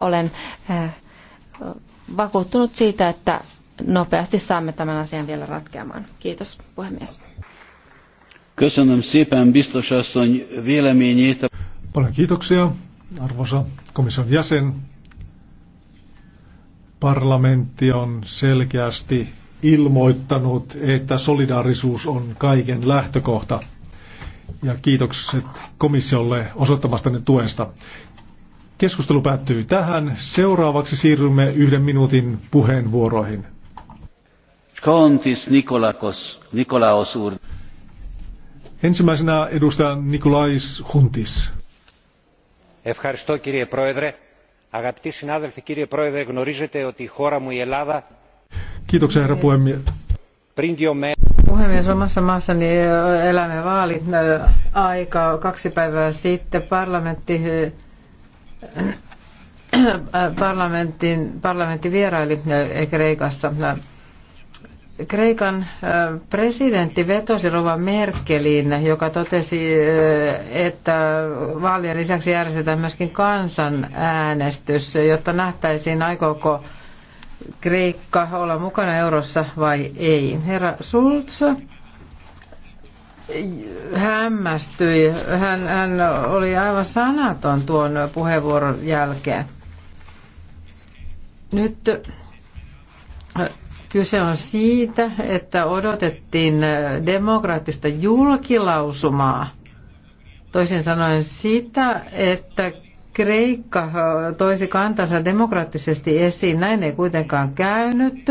olen äh, vakuuttunut siitä, että nopeasti saamme tämän asian vielä ratkeamaan. Kiitos puhemies. Köszönöm szépen biztos véleményét. Paljon kiitoksia, arvoisa komission jäsen. Parlamentti on selkeästi ilmoittanut, että solidaarisuus on kaiken lähtökohta. Ja kiitokset komissiolle osoittamastanne tuesta. Keskustelu päättyy tähän. Seuraavaksi siirrymme yhden minuutin puheenvuoroihin. Kontis Nikolakos, Nikolaos Ur. Ensimmäisenä edustaja Nikolais Huntis. Ευχαριστώ κύριε Πρόεδρε. Αγαπητοί συνάδελφοι, κύριε Πρόεδρε, γνωρίζετε ότι η χώρα μου η Ελλάδα... Kiitoksia herra puhemies. Πριν δύο μέρες puhemies, omassa maassani elämme vaalit aika kaksi päivää sitten. Parlamentti parlamentin, parlamentti vieraili äh, Kreikassa. Kreikan äh, presidentti vetosi Rova Merkeliin, joka totesi, äh, että vaalien lisäksi järjestetään myöskin kansanäänestys, jotta nähtäisiin aikooko Kreikka olla mukana eurossa vai ei. Herra Schulz hämmästyi. Hän, hän oli aivan sanaton tuon puheenvuoron jälkeen. Nyt kyse on siitä, että odotettiin demokraattista julkilausumaa. Toisin sanoen sitä, että Kreikka toisi kantansa demokraattisesti esiin. Näin ei kuitenkaan käynyt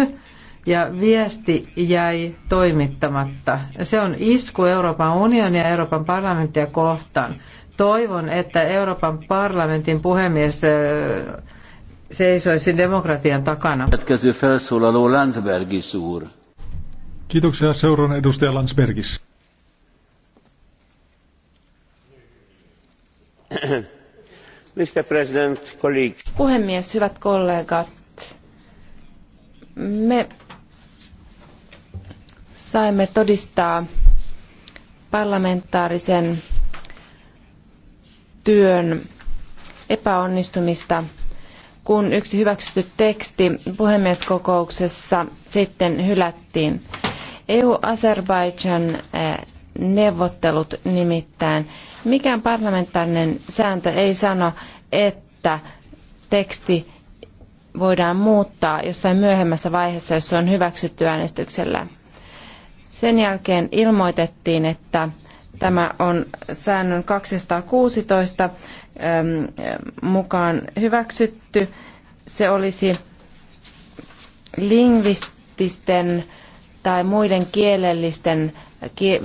ja viesti jäi toimittamatta. Se on isku Euroopan unionia ja Euroopan parlamenttia kohtaan. Toivon, että Euroopan parlamentin puhemies seisoisi demokratian takana. Kiitoksia. Seuraan edustaja Landsbergis. Puhemies, hyvät kollegat. Me saimme todistaa parlamentaarisen työn epäonnistumista, kun yksi hyväksytty teksti puhemieskokouksessa sitten hylättiin. EU-Azerbaijan eh, neuvottelut nimittäin. Mikään parlamentaarinen sääntö ei sano, että teksti voidaan muuttaa jossain myöhemmässä vaiheessa, jos se on hyväksytty äänestyksellä. Sen jälkeen ilmoitettiin, että tämä on säännön 216 ähm, mukaan hyväksytty. Se olisi lingvististen tai muiden kielellisten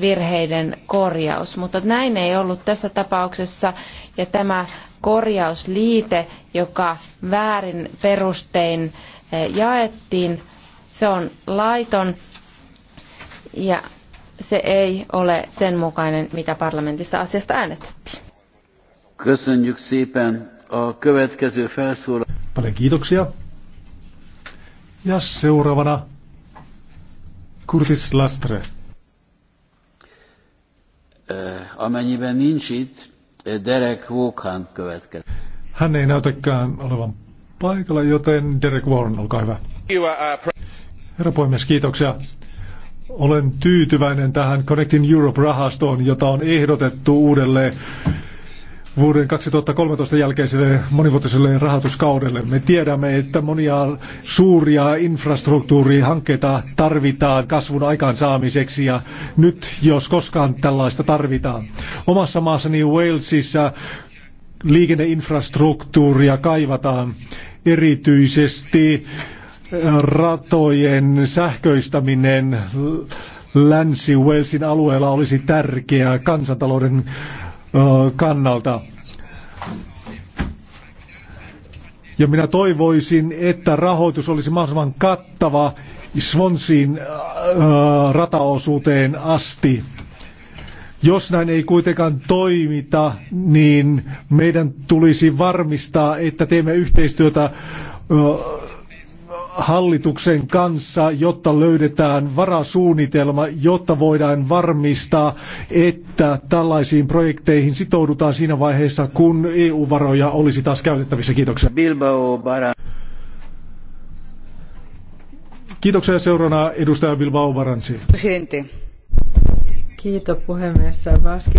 virheiden korjaus, mutta näin ei ollut tässä tapauksessa ja tämä korjausliite, joka väärin perustein äh, jaettiin, se on laiton ja se ei ole sen mukainen, mitä parlamentissa asiasta äänestettiin. Köszönjük szépen a következő felszóla. Paljon kiitoksia. Ja seuraavana Kurtis Lastre. Amennyiben nincs itt, Derek Vaughan következik. Hän ei näytäkään olevan paikalla, joten Derek Warren, olkaa hyvä. Uh, uh, Herra puhemies, kiitoksia. Olen tyytyväinen tähän Connecting Europe-rahastoon, jota on ehdotettu uudelleen vuoden 2013 jälkeiselle monivuotiselle rahoituskaudelle. Me tiedämme, että monia suuria infrastruktuurihankkeita tarvitaan kasvun aikaansaamiseksi ja nyt jos koskaan tällaista tarvitaan. Omassa maassani Walesissa liikenneinfrastruktuuria kaivataan erityisesti ratojen sähköistäminen Länsi-Walesin alueella olisi tärkeää kansantalouden kannalta. Ja minä toivoisin, että rahoitus olisi mahdollisimman kattava Swansin rataosuuteen asti. Jos näin ei kuitenkaan toimita, niin meidän tulisi varmistaa, että teemme yhteistyötä hallituksen kanssa, jotta löydetään varasuunnitelma, jotta voidaan varmistaa, että tällaisiin projekteihin sitoudutaan siinä vaiheessa, kun EU-varoja olisi taas käytettävissä. Kiitoksia. Bilbao Baran. Kiitoksia seurana edustaja Bilbao Baransi. Presidentti. Kiitos puhemies. Vaski,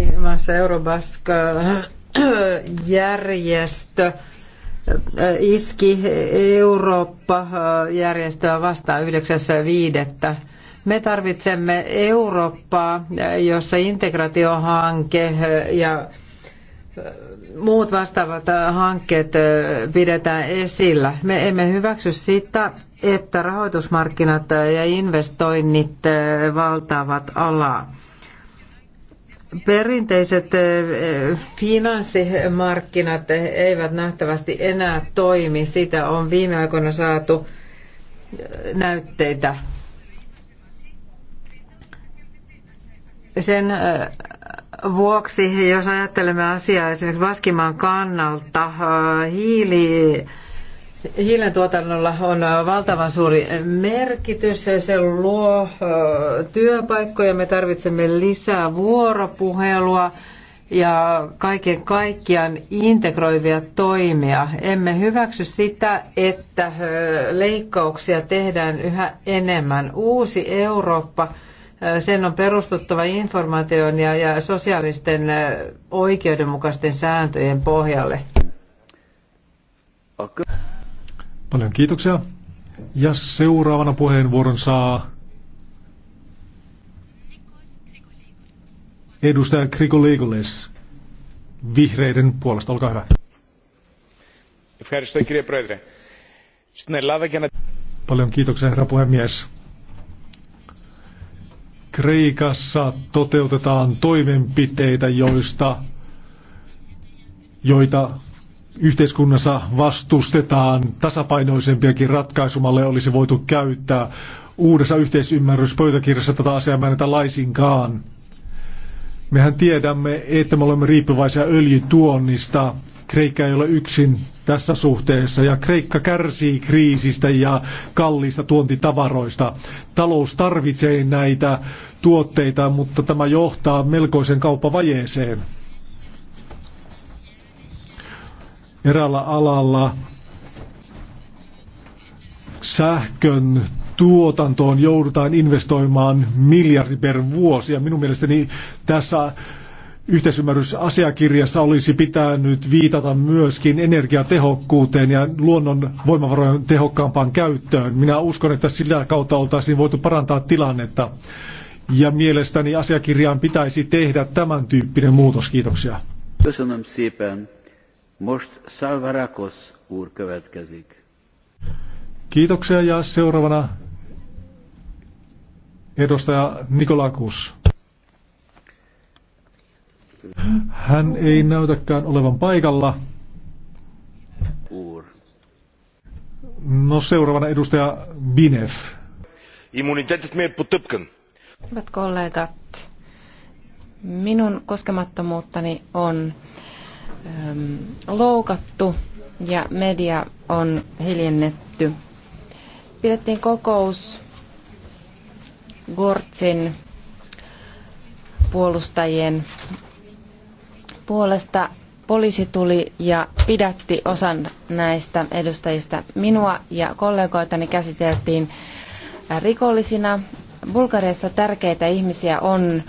Eurobaska järjestö iski Eurooppa-järjestöä äh, vastaan 9.5. Me tarvitsemme Eurooppaa, äh, jossa integraatiohanke äh, ja muut vastaavat hankkeet pidetään esillä. Me emme hyväksy sitä, että rahoitusmarkkinat ja investoinnit valtaavat alaa. Perinteiset eh, finanssimarkkinat eivät nähtävästi enää toimi. Siitä on viime aikoina saatu eh, näytteitä. Sen eh, vuoksi, jos ajattelemme asiaa esimerkiksi Vaskimaan kannalta, hiili Hiilen tuotannolla on valtavan suuri merkitys. Se luo työpaikkoja. Me tarvitsemme lisää vuoropuhelua ja kaiken kaikkiaan integroivia toimia. Emme hyväksy sitä, että leikkauksia tehdään yhä enemmän. Uusi Eurooppa, sen on perustuttava informaation ja, ja sosiaalisten oikeudenmukaisten sääntöjen pohjalle. Paljon kiitoksia. Ja seuraavana puheenvuoron saa edustaja Krikoleikules vihreiden puolesta. Olkaa hyvä. Paljon kiitoksia, herra puhemies. Kreikassa toteutetaan toimenpiteitä, joista, joita yhteiskunnassa vastustetaan tasapainoisempiakin ratkaisumalle olisi voitu käyttää. Uudessa yhteisymmärryspöytäkirjassa tätä asiaa määrätä laisinkaan. Mehän tiedämme, että me olemme riippuvaisia öljytuonnista. Kreikka ei ole yksin tässä suhteessa ja Kreikka kärsii kriisistä ja kalliista tuontitavaroista. Talous tarvitsee näitä tuotteita, mutta tämä johtaa melkoisen kauppavajeeseen. eräällä alalla sähkön tuotantoon joudutaan investoimaan miljardi per vuosi. Ja minun mielestäni tässä yhteisymmärrysasiakirjassa olisi pitänyt viitata myöskin energiatehokkuuteen ja luonnon voimavarojen tehokkaampaan käyttöön. Minä uskon, että sillä kautta oltaisiin voitu parantaa tilannetta. Ja mielestäni asiakirjaan pitäisi tehdä tämän tyyppinen muutos. Kiitoksia. Most Salvarakos úr következik. Kiitoksia ja seuraavana edustaja Nikolakus. Hän ei näytäkään olevan paikalla. Uur. No seuraavana edustaja Binef. Immuniteetit me potupkan. Hyvät kollegat, minun koskemattomuuttani on loukattu ja media on hiljennetty. Pidettiin kokous Gortsin puolustajien puolesta. Poliisi tuli ja pidätti osan näistä edustajista. Minua ja kollegoitani käsiteltiin rikollisina. Bulgariassa tärkeitä ihmisiä on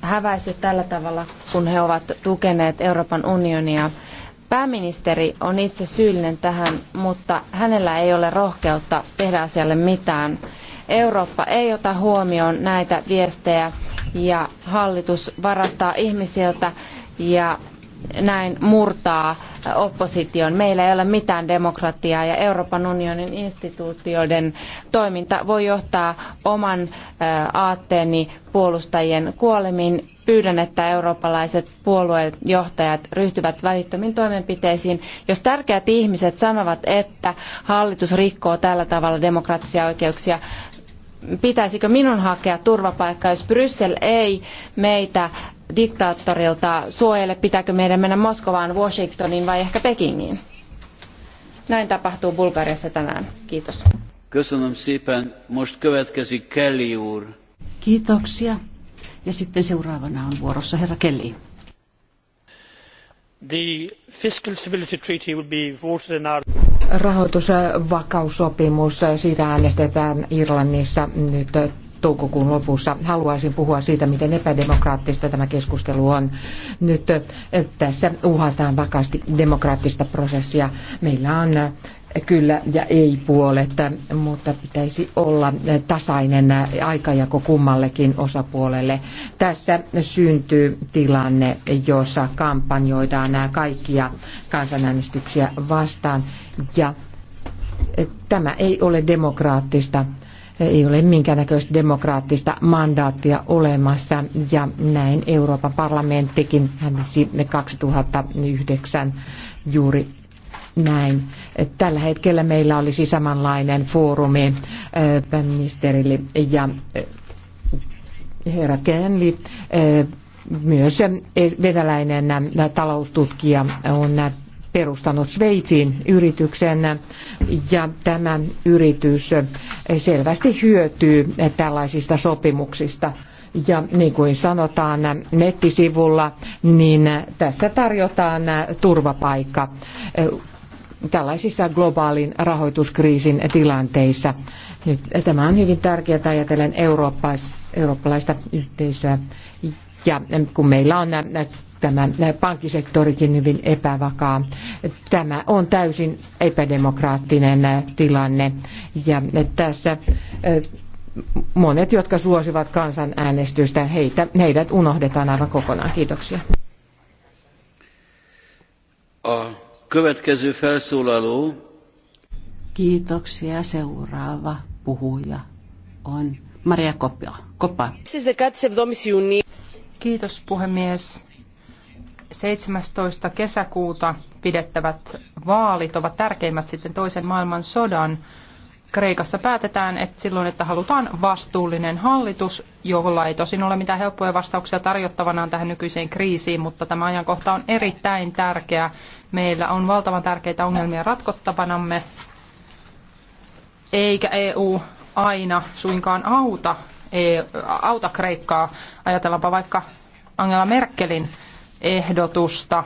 häväisty tällä tavalla, kun he ovat tukeneet Euroopan unionia. Pääministeri on itse syyllinen tähän, mutta hänellä ei ole rohkeutta tehdä asialle mitään. Eurooppa ei ota huomioon näitä viestejä ja hallitus varastaa ihmisiltä ja näin murtaa opposition. Meillä ei ole mitään demokratiaa ja Euroopan unionin instituutioiden toiminta voi johtaa oman aatteeni puolustajien kuolemiin. Pyydän, että eurooppalaiset puoluejohtajat johtajat ryhtyvät välittömiin toimenpiteisiin. Jos tärkeät ihmiset sanovat, että hallitus rikkoo tällä tavalla demokraattisia oikeuksia, pitäisikö minun hakea turvapaikkaa, jos Bryssel ei meitä diktaattorilta suojele, pitääkö meidän mennä Moskovaan, Washingtoniin vai ehkä Pekingiin. Näin tapahtuu Bulgariassa tänään. Kiitos. Köszönöm szépen. Most Kelly úr. Kiitoksia. Ja sitten seuraavana on vuorossa herra Kelly. The fiscal stability treaty will be voted in our... Rahoitusvakaussopimus, siitä äänestetään Irlannissa nyt toukokuun lopussa. Haluaisin puhua siitä, miten epädemokraattista tämä keskustelu on. Nyt tässä uhataan vakaasti demokraattista prosessia. Meillä on kyllä ja ei puolet, mutta pitäisi olla tasainen aikajako kummallekin osapuolelle. Tässä syntyy tilanne, jossa kampanjoidaan nämä kaikkia kansanäänestyksiä vastaan ja tämä ei ole demokraattista ei ole minkäännäköistä demokraattista mandaattia olemassa ja näin Euroopan parlamenttikin hävisi 2009 juuri näin. Tällä hetkellä meillä olisi samanlainen foorumi äh, pääministerille ja äh, herra Kenli äh, myös venäläinen taloustutkija on perustanut Sveitsiin yrityksen ja tämä yritys selvästi hyötyy tällaisista sopimuksista. Ja niin kuin sanotaan nettisivulla, niin tässä tarjotaan turvapaikka tällaisissa globaalin rahoituskriisin tilanteissa. Nyt, tämä on hyvin tärkeää ajatellen eurooppalaista yhteisöä. Ja kun meillä on tämä pankkisektorikin hyvin epävakaa. Tämä on täysin epädemokraattinen tilanne ja tässä eh, monet, jotka suosivat kansanäänestystä, heitä, heidät unohdetaan aivan kokonaan. Kiitoksia. Kiitoksia. Seuraava puhuja on Maria Koppa. Koppa. Kiitos puhemies. 17. kesäkuuta pidettävät vaalit ovat tärkeimmät sitten toisen maailman sodan Kreikassa päätetään että silloin, että halutaan vastuullinen hallitus, jolla ei tosin ole mitään helppoja vastauksia tarjottavanaan tähän nykyiseen kriisiin, mutta tämä ajankohta on erittäin tärkeä. Meillä on valtavan tärkeitä ongelmia ratkottavanamme, eikä EU aina suinkaan auta, e auta Kreikkaa. Ajatellaanpa vaikka Angela Merkelin ehdotusta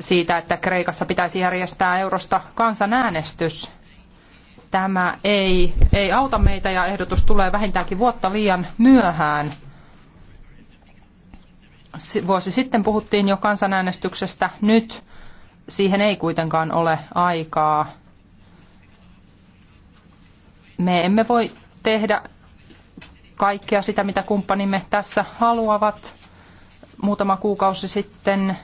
siitä, että Kreikassa pitäisi järjestää eurosta kansanäänestys. Tämä ei, ei auta meitä ja ehdotus tulee vähintäänkin vuotta liian myöhään. Vuosi sitten puhuttiin jo kansanäänestyksestä, nyt siihen ei kuitenkaan ole aikaa. Me emme voi tehdä kaikkea sitä, mitä kumppanimme tässä haluavat muutama kuukausi sitten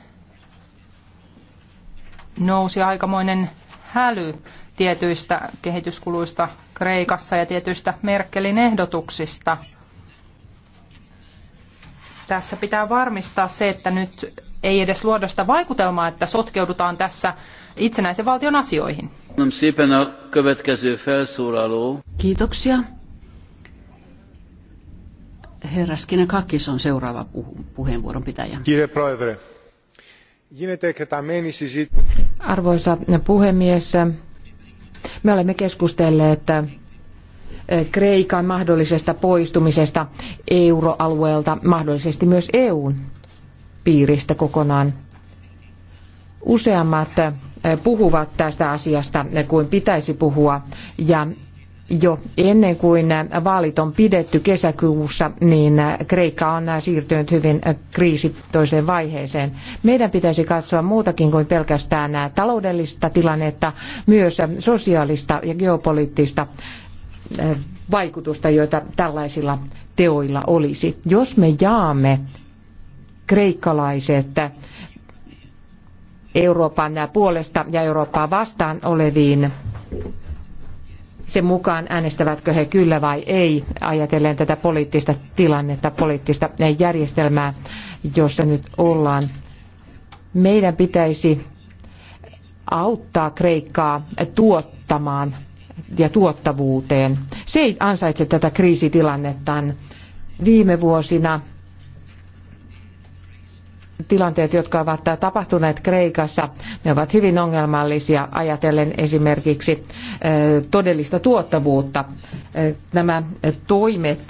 nousi aikamoinen häly tietyistä kehityskuluista Kreikassa ja tietyistä Merkelin ehdotuksista. Tässä pitää varmistaa se, että nyt ei edes luoda sitä vaikutelmaa, että sotkeudutaan tässä itsenäisen valtion asioihin. Kiitoksia. Herra Skinakakis on seuraava puheenvuoron pitäjä. Arvoisa puhemies, me olemme keskustelleet eh, Kreikan mahdollisesta poistumisesta euroalueelta, mahdollisesti myös EUn piiristä kokonaan. Useammat eh, puhuvat tästä asiasta eh, kuin pitäisi puhua ja jo ennen kuin vaalit on pidetty kesäkuussa, niin Kreikka on siirtynyt hyvin kriisi toiseen vaiheeseen. Meidän pitäisi katsoa muutakin kuin pelkästään taloudellista tilannetta, myös sosiaalista ja geopoliittista vaikutusta, joita tällaisilla teoilla olisi. Jos me jaamme kreikkalaiset Euroopan puolesta ja Eurooppaa vastaan oleviin sen mukaan, äänestävätkö he kyllä vai ei, ajatellen tätä poliittista tilannetta, poliittista järjestelmää, jossa nyt ollaan. Meidän pitäisi auttaa Kreikkaa tuottamaan ja tuottavuuteen. Se ei ansaitse tätä kriisitilannettaan. Viime vuosina tilanteet, jotka ovat tapahtuneet Kreikassa, ne ovat hyvin ongelmallisia ajatellen esimerkiksi todellista tuottavuutta. Nämä toimet,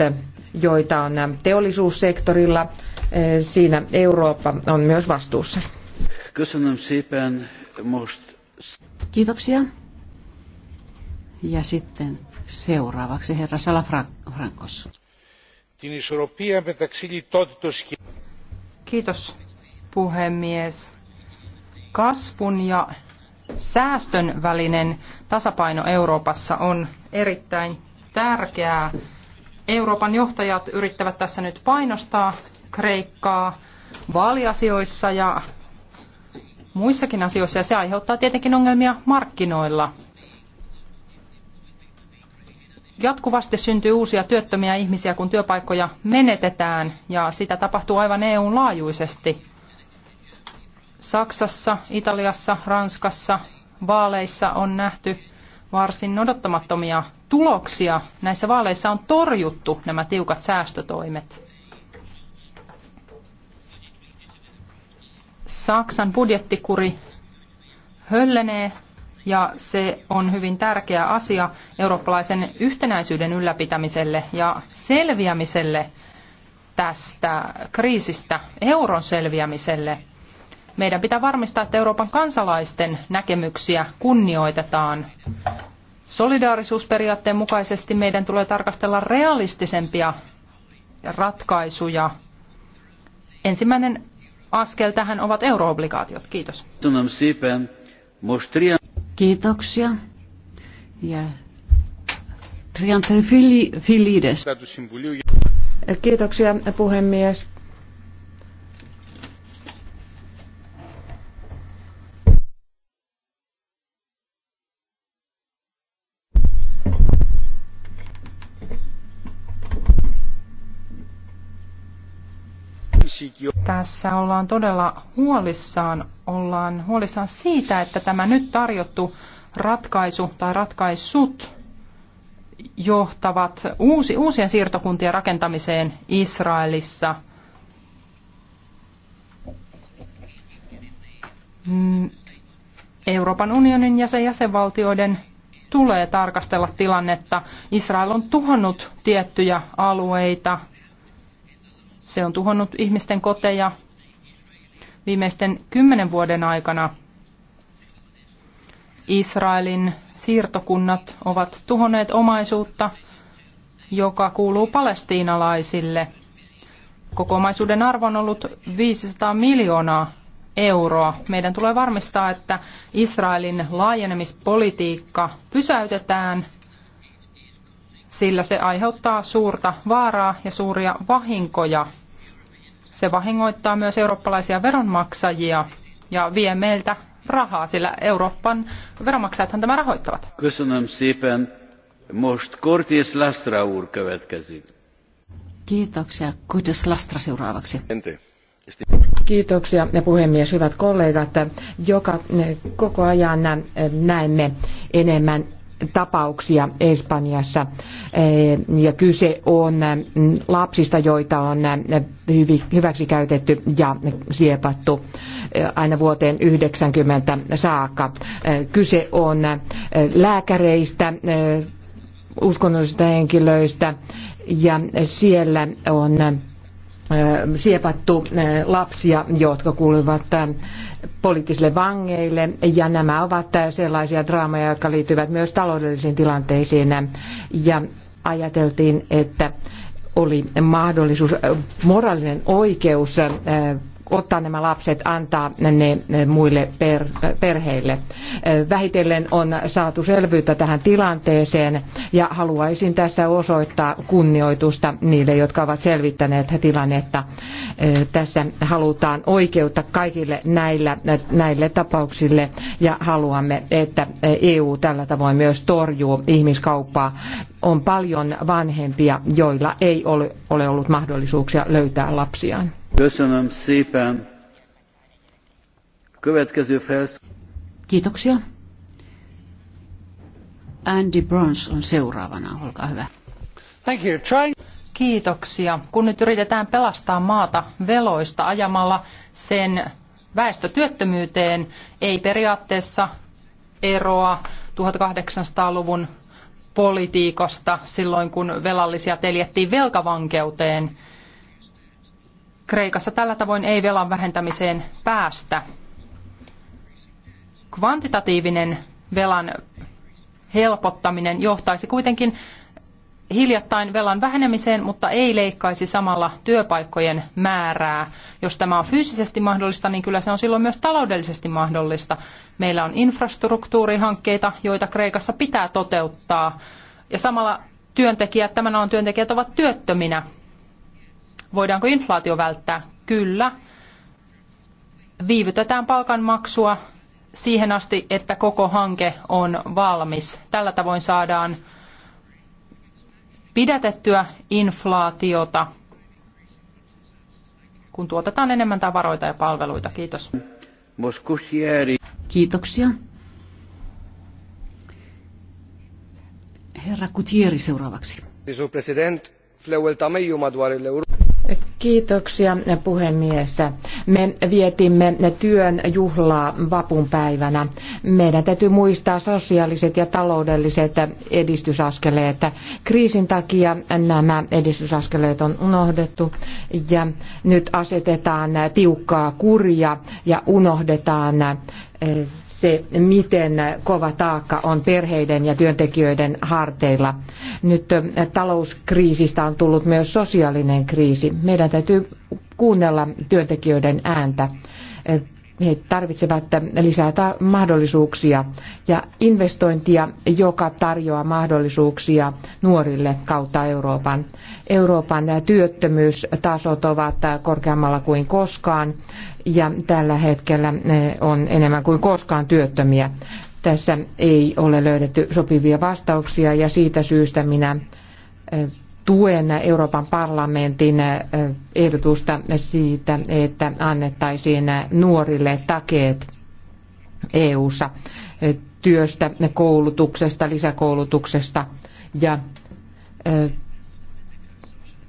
joita on teollisuussektorilla, siinä Eurooppa on myös vastuussa. Kiitoksia. Ja sitten seuraavaksi herra Salafrankos. Kiitos puhemies. Kasvun ja säästön välinen tasapaino Euroopassa on erittäin tärkeää. Euroopan johtajat yrittävät tässä nyt painostaa Kreikkaa vaaliasioissa ja muissakin asioissa, ja se aiheuttaa tietenkin ongelmia markkinoilla. Jatkuvasti syntyy uusia työttömiä ihmisiä, kun työpaikkoja menetetään, ja sitä tapahtuu aivan EUn laajuisesti. Saksassa, Italiassa, Ranskassa vaaleissa on nähty varsin odottamattomia tuloksia. Näissä vaaleissa on torjuttu nämä tiukat säästötoimet. Saksan budjettikuri höllenee ja se on hyvin tärkeä asia eurooppalaisen yhtenäisyyden ylläpitämiselle ja selviämiselle tästä kriisistä, euron selviämiselle – meidän pitää varmistaa, että Euroopan kansalaisten näkemyksiä kunnioitetaan. Solidaarisuusperiaatteen mukaisesti meidän tulee tarkastella realistisempia ratkaisuja. Ensimmäinen askel tähän ovat euroobligaatiot. Kiitos. Kiitoksia. Ja Kiitoksia puhemies. Tässä ollaan todella huolissaan. Ollaan huolissaan siitä, että tämä nyt tarjottu ratkaisu tai ratkaisut johtavat uusi, uusien siirtokuntien rakentamiseen Israelissa. Mm, Euroopan unionin ja sen jäsenvaltioiden tulee tarkastella tilannetta. Israel on tuhannut tiettyjä alueita se on tuhonnut ihmisten koteja viimeisten kymmenen vuoden aikana. Israelin siirtokunnat ovat tuhonneet omaisuutta, joka kuuluu palestiinalaisille. Koko omaisuuden arvo on ollut 500 miljoonaa euroa. Meidän tulee varmistaa, että Israelin laajenemispolitiikka pysäytetään – sillä se aiheuttaa suurta vaaraa ja suuria vahinkoja. Se vahingoittaa myös eurooppalaisia veronmaksajia ja vie meiltä rahaa, sillä Euroopan veronmaksajathan tämä rahoittavat. Kiitoksia. Kurtis Lastra seuraavaksi. Kiitoksia ja puhemies, hyvät kollegat. Joka eh, koko ajan eh, näemme enemmän tapauksia Espanjassa eh, ja kyse on mm, lapsista, joita on mm, hyväksikäytetty ja siepattu eh, aina vuoteen 90 saakka. Eh, kyse on lääkäreistä, uskonnollisista henkilöistä ja siellä on siepattu lapsia, jotka kuuluvat poliittisille vangeille. Ja nämä ovat sellaisia draamoja, jotka liittyvät myös taloudellisiin tilanteisiin. Ja ajateltiin, että oli mahdollisuus, moraalinen oikeus ottaa nämä lapset, antaa ne muille perheille. Vähitellen on saatu selvyyttä tähän tilanteeseen ja haluaisin tässä osoittaa kunnioitusta niille, jotka ovat selvittäneet tilannetta. Tässä halutaan oikeutta kaikille näillä, näille tapauksille ja haluamme, että EU tällä tavoin myös torjuu ihmiskauppaa. On paljon vanhempia, joilla ei ole ollut mahdollisuuksia löytää lapsiaan. Köszönöm szépen. Következő felsz... Kiitoksia. Andy Brons on seuraavana, olkaa hyvä. Thank you. Try... Kiitoksia. Kun nyt yritetään pelastaa maata veloista ajamalla sen väestötyöttömyyteen, ei periaatteessa eroa 1800-luvun politiikasta silloin, kun velallisia teljettiin velkavankeuteen – Kreikassa tällä tavoin ei velan vähentämiseen päästä. Kvantitatiivinen velan helpottaminen johtaisi kuitenkin hiljattain velan vähenemiseen, mutta ei leikkaisi samalla työpaikkojen määrää. Jos tämä on fyysisesti mahdollista, niin kyllä se on silloin myös taloudellisesti mahdollista. Meillä on infrastruktuurihankkeita, joita Kreikassa pitää toteuttaa, ja samalla työntekijät, tämän alan työntekijät ovat työttöminä. Voidaanko inflaatio välttää? Kyllä. Viivytetään palkanmaksua siihen asti, että koko hanke on valmis. Tällä tavoin saadaan pidätettyä inflaatiota, kun tuotetaan enemmän tavaroita ja palveluita. Kiitos. Kiitoksia. Herra Kutieri seuraavaksi. President, Kiitoksia puhemies. Me vietimme työn juhlaa vapunpäivänä. Meidän täytyy muistaa sosiaaliset ja taloudelliset edistysaskeleet. Kriisin takia nämä edistysaskeleet on unohdettu ja nyt asetetaan tiukkaa kuria ja unohdetaan se, miten kova taakka on perheiden ja työntekijöiden harteilla. Nyt talouskriisistä on tullut myös sosiaalinen kriisi. Meidän täytyy kuunnella työntekijöiden ääntä he tarvitsevat lisää mahdollisuuksia ja investointia, joka tarjoaa mahdollisuuksia nuorille kautta Euroopan. Euroopan työttömyystasot ovat korkeammalla kuin koskaan ja tällä hetkellä on enemmän kuin koskaan työttömiä. Tässä ei ole löydetty sopivia vastauksia ja siitä syystä minä eh, tuen Euroopan parlamentin ehdotusta siitä, että annettaisiin nuorille takeet EU-ssa työstä, koulutuksesta, lisäkoulutuksesta ja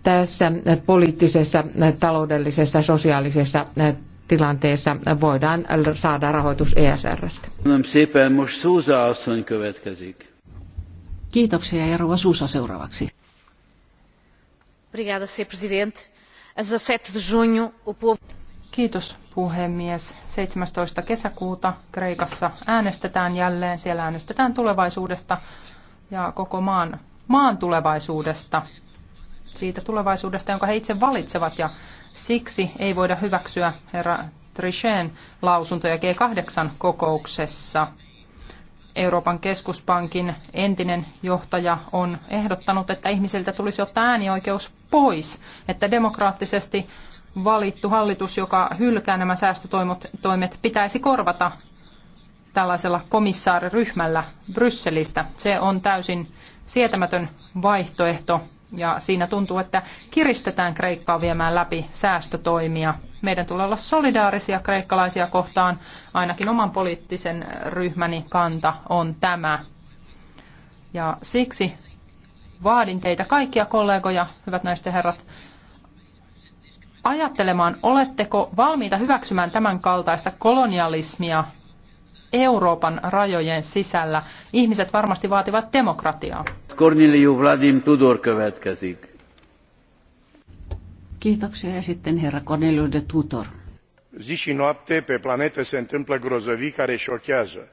tässä poliittisessa, taloudellisessa, sosiaalisessa tilanteessa voidaan saada rahoitus ESRstä. Kiitoksia ja Suusa seuraavaksi. Obrigada, Kiitos puhemies. 17. kesäkuuta Kreikassa äänestetään jälleen. Siellä äänestetään tulevaisuudesta ja koko maan, maan tulevaisuudesta. Siitä tulevaisuudesta, jonka he itse valitsevat. Ja siksi ei voida hyväksyä herra Trichén lausuntoja G8-kokouksessa. Euroopan keskuspankin entinen johtaja on ehdottanut, että ihmisiltä tulisi ottaa äänioikeus pois, että demokraattisesti valittu hallitus, joka hylkää nämä säästötoimet, pitäisi korvata tällaisella komissaariryhmällä Brysselistä. Se on täysin sietämätön vaihtoehto ja siinä tuntuu, että kiristetään Kreikkaa viemään läpi säästötoimia. Meidän tulee olla solidaarisia kreikkalaisia kohtaan. Ainakin oman poliittisen ryhmäni kanta on tämä. Ja siksi vaadin teitä kaikkia kollegoja, hyvät naisten herrat, ajattelemaan, oletteko valmiita hyväksymään tämän kaltaista kolonialismia Euroopan rajojen sisällä. Ihmiset varmasti vaativat demokratiaa. Korniliju Vladim Tudor következik. Kiitoksia ja sitten herra Corneliu de Tutor. Zi și noapte pe planetă se întâmplă grozăvii care șochează.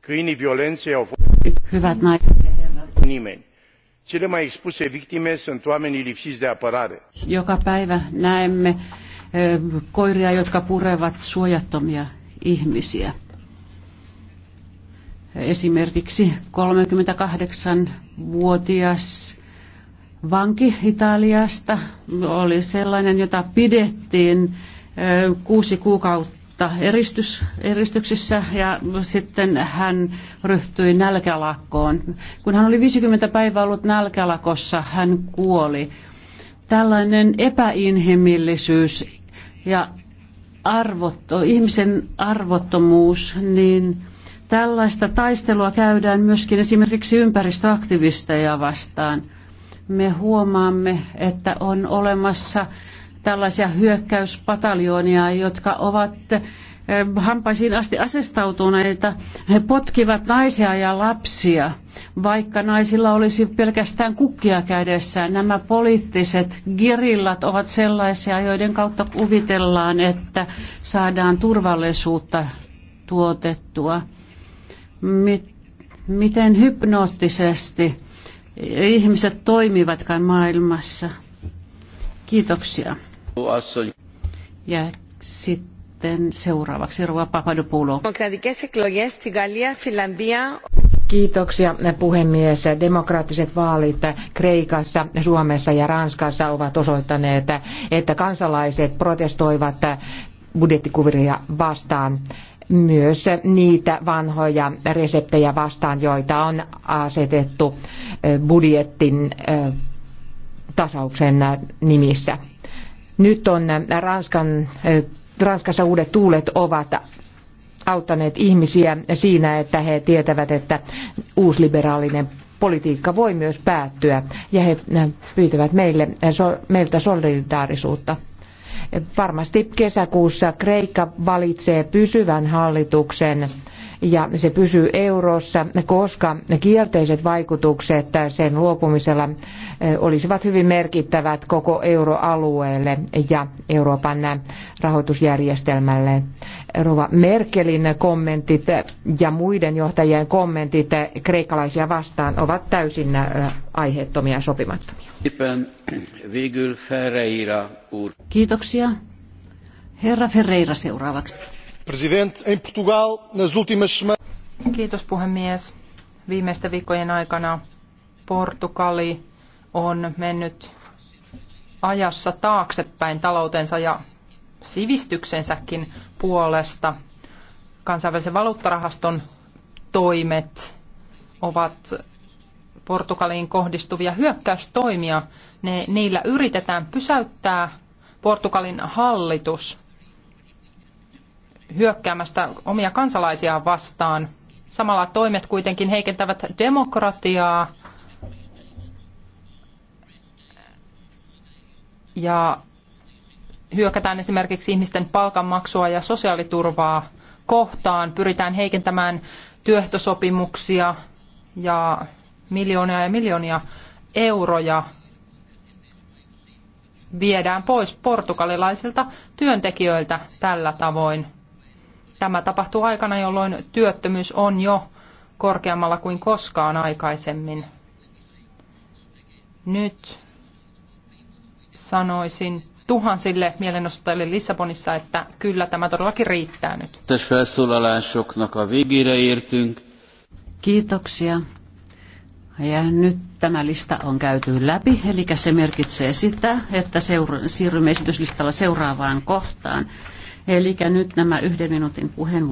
Câinii violenței au fost... Hyvät naiset ja herrat. Nimeni Cele mai expuse victime sunt oamenii lipsiți de apărare. Joka päivä näemme koiria, jotka purevat suojattomia ihmisiä. Esimerkiksi 38-vuotias vanki Italiasta oli sellainen, jota pidettiin kuusi kuukautta vuotta eristys, eristyksissä ja sitten hän ryhtyi nälkälakkoon. Kun hän oli 50 päivää ollut nälkälakossa, hän kuoli. Tällainen epäinhimillisyys ja arvotto, ihmisen arvottomuus, niin tällaista taistelua käydään myöskin esimerkiksi ympäristöaktivisteja vastaan. Me huomaamme, että on olemassa tällaisia hyökkäyspataljoonia, jotka ovat eh, hampaisiin asti asestautuneita. He potkivat naisia ja lapsia, vaikka naisilla olisi pelkästään kukkia kädessään. Nämä poliittiset girillat ovat sellaisia, joiden kautta kuvitellaan, että saadaan turvallisuutta tuotettua. miten hypnoottisesti ihmiset toimivatkaan maailmassa. Kiitoksia. Ja sitten seuraavaksi Rova Papadopoulou. Kiitoksia puhemies. Demokraattiset vaalit Kreikassa, Suomessa ja Ranskassa ovat osoittaneet, että kansalaiset protestoivat budjettikuviria vastaan myös niitä vanhoja reseptejä vastaan, joita on asetettu budjetin tasauksen nimissä. Nyt on äh, Ranskan, äh, Ranskassa uudet tuulet ovat auttaneet ihmisiä siinä, että he tietävät, että uusliberaalinen politiikka voi myös päättyä ja he äh, pyytävät meille, meiltä solidaarisuutta. Varmasti kesäkuussa Kreikka valitsee pysyvän hallituksen ja se pysyy eurossa, koska kielteiset vaikutukset sen luopumisella eh, olisivat hyvin merkittävät koko euroalueelle ja Euroopan rahoitusjärjestelmälle. Rova Merkelin kommentit ja muiden johtajien kommentit kreikkalaisia vastaan ovat täysin eh, aiheettomia ja sopimattomia. Kiitoksia. Herra Ferreira seuraavaksi. Kiitos puhemies. Viimeisten viikkojen aikana Portugali on mennyt ajassa taaksepäin taloutensa ja sivistyksensäkin puolesta. Kansainvälisen valuuttarahaston toimet ovat Portugaliin kohdistuvia hyökkäystoimia. Ne, niillä yritetään pysäyttää Portugalin hallitus hyökkäämästä omia kansalaisiaan vastaan. Samalla toimet kuitenkin heikentävät demokratiaa ja hyökätään esimerkiksi ihmisten palkanmaksua ja sosiaaliturvaa kohtaan, pyritään heikentämään työehtosopimuksia ja miljoonia ja miljoonia euroja viedään pois portugalilaisilta työntekijöiltä tällä tavoin. Tämä tapahtuu aikana, jolloin työttömyys on jo korkeammalla kuin koskaan aikaisemmin. Nyt sanoisin tuhansille mielenosoittajille Lissabonissa, että kyllä tämä todellakin riittää nyt. Kiitoksia. Ja nyt tämä lista on käyty läpi, eli se merkitsee sitä, että seura- siirrymme esityslistalla seuraavaan kohtaan. Eli nyt nämä yhden minuutin puheenvuorot.